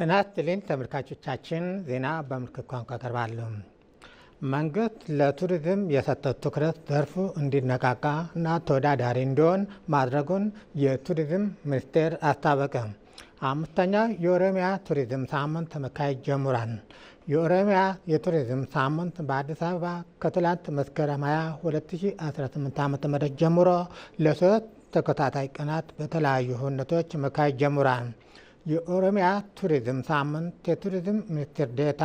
ጤና ይስጥልኝ ተመልካቾቻችን፣ ዜና በምልክት ቋንቋ ቀርባለሁ። መንግስት ለቱሪዝም የሰጠው ትኩረት ዘርፉ እንዲነቃቃ እና ተወዳዳሪ እንዲሆን ማድረጉን የቱሪዝም ሚኒስቴር አስታወቀ። አምስተኛው የኦሮሚያ ቱሪዝም ሳምንት መካሄድ ጀምሯል። የኦሮሚያ የቱሪዝም ሳምንት በአዲስ አበባ ከትላንት መስከረም 20 2018 ዓ ም ጀምሮ ለሶስት ተከታታይ ቀናት በተለያዩ ሁነቶች መካሄድ ጀምሯል። የኦሮሚያ ቱሪዝም ሳምንት የቱሪዝም ሚኒስትር ዴታ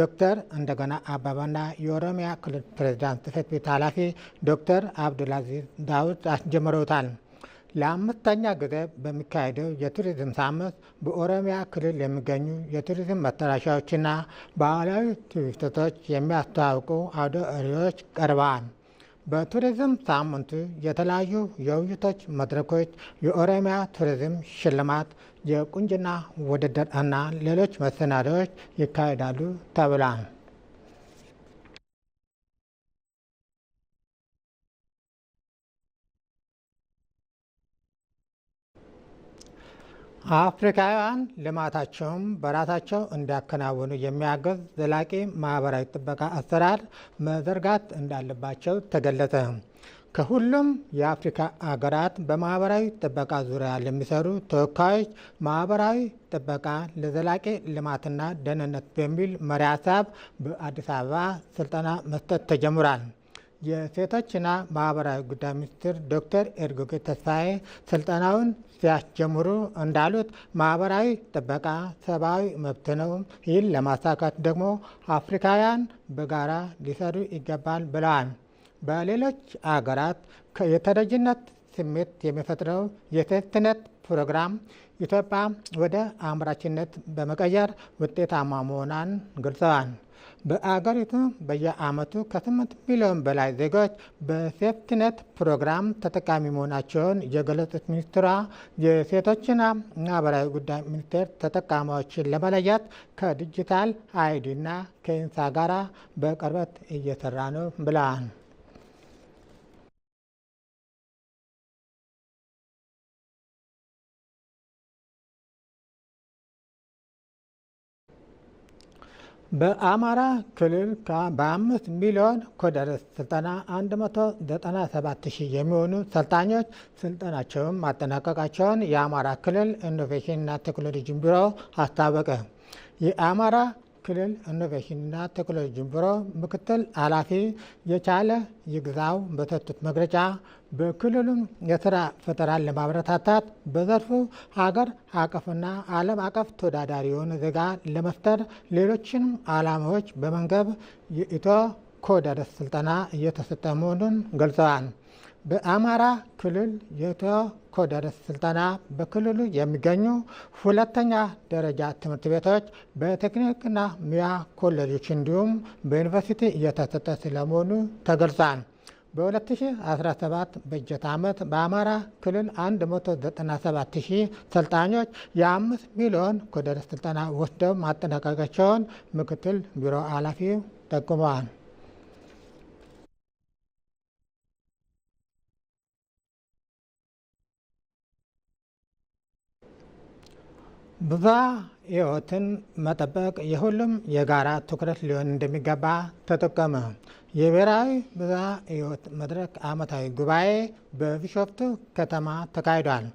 ዶክተር እንደገና አባባና የኦሮሚያ ክልል ፕሬዚዳንት ጽፈት ቤት ኃላፊ ዶክተር አብዱልአዚዝ ዳውድ አስጀምረውታል። ለአምስተኛ ጊዜ በሚካሄደው የቱሪዝም ሳምንት በኦሮሚያ ክልል የሚገኙ የቱሪዝም መተራሻዎችና ባህላዊ ቱሪስቶች የሚያስተዋውቁ አውደ ርዕዮች ቀርበዋል። በቱሪዝም ሳምንቱ የተለያዩ የውይይቶች መድረኮች፣ የኦሮሚያ ቱሪዝም ሽልማት፣ የቁንጅና ውድድር እና ሌሎች መሰናዶዎች ይካሄዳሉ ተብሏል። አፍሪካውያን ልማታቸውም በራሳቸው እንዲያከናውኑ የሚያግዝ ዘላቂ ማህበራዊ ጥበቃ አሰራር መዘርጋት እንዳለባቸው ተገለጸ። ከሁሉም የአፍሪካ አገራት በማህበራዊ ጥበቃ ዙሪያ ለሚሰሩ ተወካዮች ማህበራዊ ጥበቃ ለዘላቂ ልማትና ደህንነት በሚል መሪ ሀሳብ በአዲስ አበባ ስልጠና መስጠት ተጀምሯል። የሴቶችና ማህበራዊ ጉዳይ ሚኒስትር ዶክተር ኤርጎጌ ተስፋዬ ስልጠናውን ሲያስጀምሩ እንዳሉት ማህበራዊ ጥበቃ ሰብአዊ መብት ነው። ይህን ለማሳካት ደግሞ አፍሪካውያን በጋራ ሊሰሩ ይገባል ብለዋል። በሌሎች አገራት የተረጅነት ስሜት የሚፈጥረው የሴፍትነት ፕሮግራም ኢትዮጵያ ወደ አምራችነት በመቀየር ውጤታማ መሆኗን ገልጸዋል። በአገሪቱ በየዓመቱ ከ8 ሚሊዮን በላይ ዜጎች በሴፍቲነት ፕሮግራም ተጠቃሚ መሆናቸውን የገለጹት ሚኒስትሯ የሴቶችና ማህበራዊ ጉዳይ ሚኒስቴር ተጠቃሚዎችን ለመለየት ከዲጂታል አይዲና ከኢንሳ ጋራ በቅርበት እየሰራ ነው ብለዋል። በአማራ ክልል በአምስት ሚሊዮን ኮደርስ ስልጠና 197 ሺህ የሚሆኑ ሰልጣኞች ስልጠናቸውን ማጠናቀቃቸውን የአማራ ክልል ኢኖቬሽንና ቴክኖሎጂ ቢሮ አስታወቀ። የአማራ ክልል ኢኖቬሽንና ቴክኖሎጂ ቢሮ ምክትል ኃላፊ የቻለ ይግዛው በሰጡት መግለጫ በክልሉም የስራ ፈጠራን ለማበረታታት በዘርፉ ሀገር አቀፍና ዓለም አቀፍ ተወዳዳሪ የሆነ ዜጋ ለመፍጠር ሌሎችንም ዓላማዎች በመንገብ የኢትዮ ኮደር ስልጠና እየተሰጠ መሆኑን ገልጸዋል። በአማራ ክልል የተኮደረ ስልጠና በክልሉ የሚገኙ ሁለተኛ ደረጃ ትምህርት ቤቶች በቴክኒክና ሙያ ኮሌጆች እንዲሁም በዩኒቨርሲቲ እየተሰጠ ስለመሆኑ ተገልጿል። በ2017 በጀት ዓመት በአማራ ክልል 197,000 ሰልጣኞች የ5 ሚሊዮን ኮደረ ስልጠና ወስደው ማጠናቀቃቸውን ምክትል ቢሮ ኃላፊው ጠቁመዋል። ብዛ ሕይወትን መጠበቅ የሁሉም የጋራ ትኩረት ሊሆን እንደሚገባ ተጠቆመ። የብሔራዊ ብዛ ሕይወት መድረክ ዓመታዊ ጉባኤ በቢሾፍቱ ከተማ ተካሂዷል።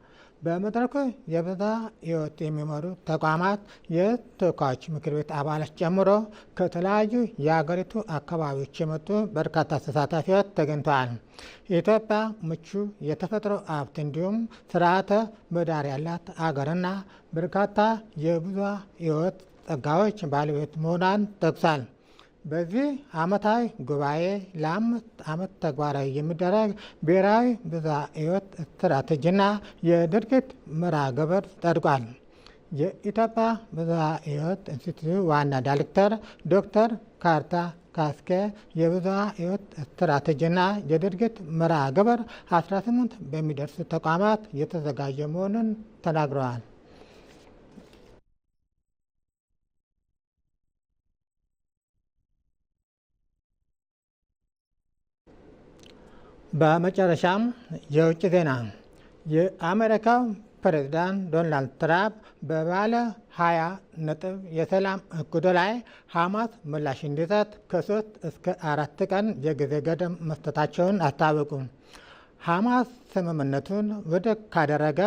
በመድረኩ የብዝሃ ሕይወት የሚመሩ ተቋማት የተወካዮች ምክር ቤት አባላት ጨምሮ ከተለያዩ የአገሪቱ አካባቢዎች የመጡ በርካታ ተሳታፊዎች ተገኝተዋል። ኢትዮጵያ ምቹ የተፈጥሮ ሀብት እንዲሁም ስርዓተ ምህዳር ያላት አገርና በርካታ የብዝሃ ሕይወት ጸጋዎች ባለቤት መሆኗን ጠቅሷል። በዚህ ዓመታዊ ጉባኤ ለአምስት ዓመት ተግባራዊ የሚደረግ ብሔራዊ ብዝሃ ሕይወት ስትራቴጂና የድርጊት መርሃ ግብር ጸድቋል። የኢትዮጵያ ብዝሃ ሕይወት ኢንስቲትዩት ዋና ዳይሬክተር ዶክተር ካርታ ካስኬ የብዝሃ ሕይወት ስትራቴጂና የድርጊት መርሃ ግብር 18 በሚደርሱ ተቋማት የተዘጋጀ መሆኑን ተናግረዋል። በመጨረሻም የውጭ ዜና። የአሜሪካ ፕሬዝዳንት ዶናልድ ትራምፕ በባለ 20 ነጥብ የሰላም እቅዱ ላይ ሐማስ ምላሽ እንዲሰጥ ከሶስት እስከ አራት ቀን የጊዜ ገደብ መስጠታቸውን አስታወቁ። ሐማስ ስምምነቱን ውድቅ ካደረገ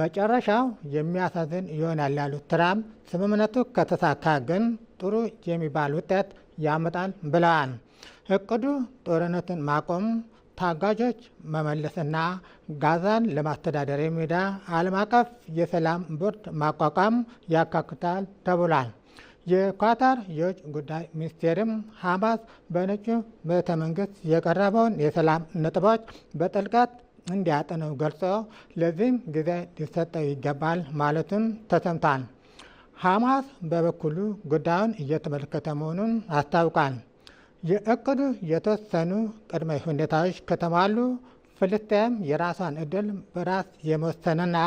መጨረሻው የሚያሳዝን ይሆናል ያሉት ትራምፕ ስምምነቱ ከተሳካ ግን ጥሩ የሚባል ውጤት ያመጣል ብለዋል። እቅዱ ጦርነትን ማቆም ታጋጆች መመለስና ጋዛን ለማስተዳደር የሚዳ ዓለም አቀፍ የሰላም ቦርድ ማቋቋም ያካክታል ተብሏል። የኳታር የውጭ ጉዳይ ሚኒስቴርም ሐማስ በነጩ ቤተ መንግስት የቀረበውን የሰላም ነጥቦች በጥልቀት እንዲያጠነው ገልጾ ለዚህም ጊዜ ሊሰጠው ይገባል ማለቱም ተሰምቷል። ሐማስ በበኩሉ ጉዳዩን እየተመለከተ መሆኑን አስታውቋል። የእቅዱ የተወሰኑ ቅድመ ሁኔታዎች ከተሟሉ ፍልስጤም የራሷን እድል በራስ የመወሰንና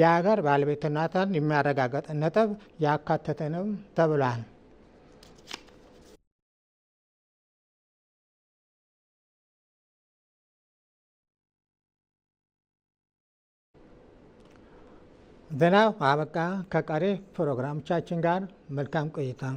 የሀገር ባለቤትነትን የሚያረጋገጥ ነጥብ ያካተተ ነው ተብሏል። ዜናው አበቃ። ከቀሪ ፕሮግራሞቻችን ጋር መልካም ቆይታ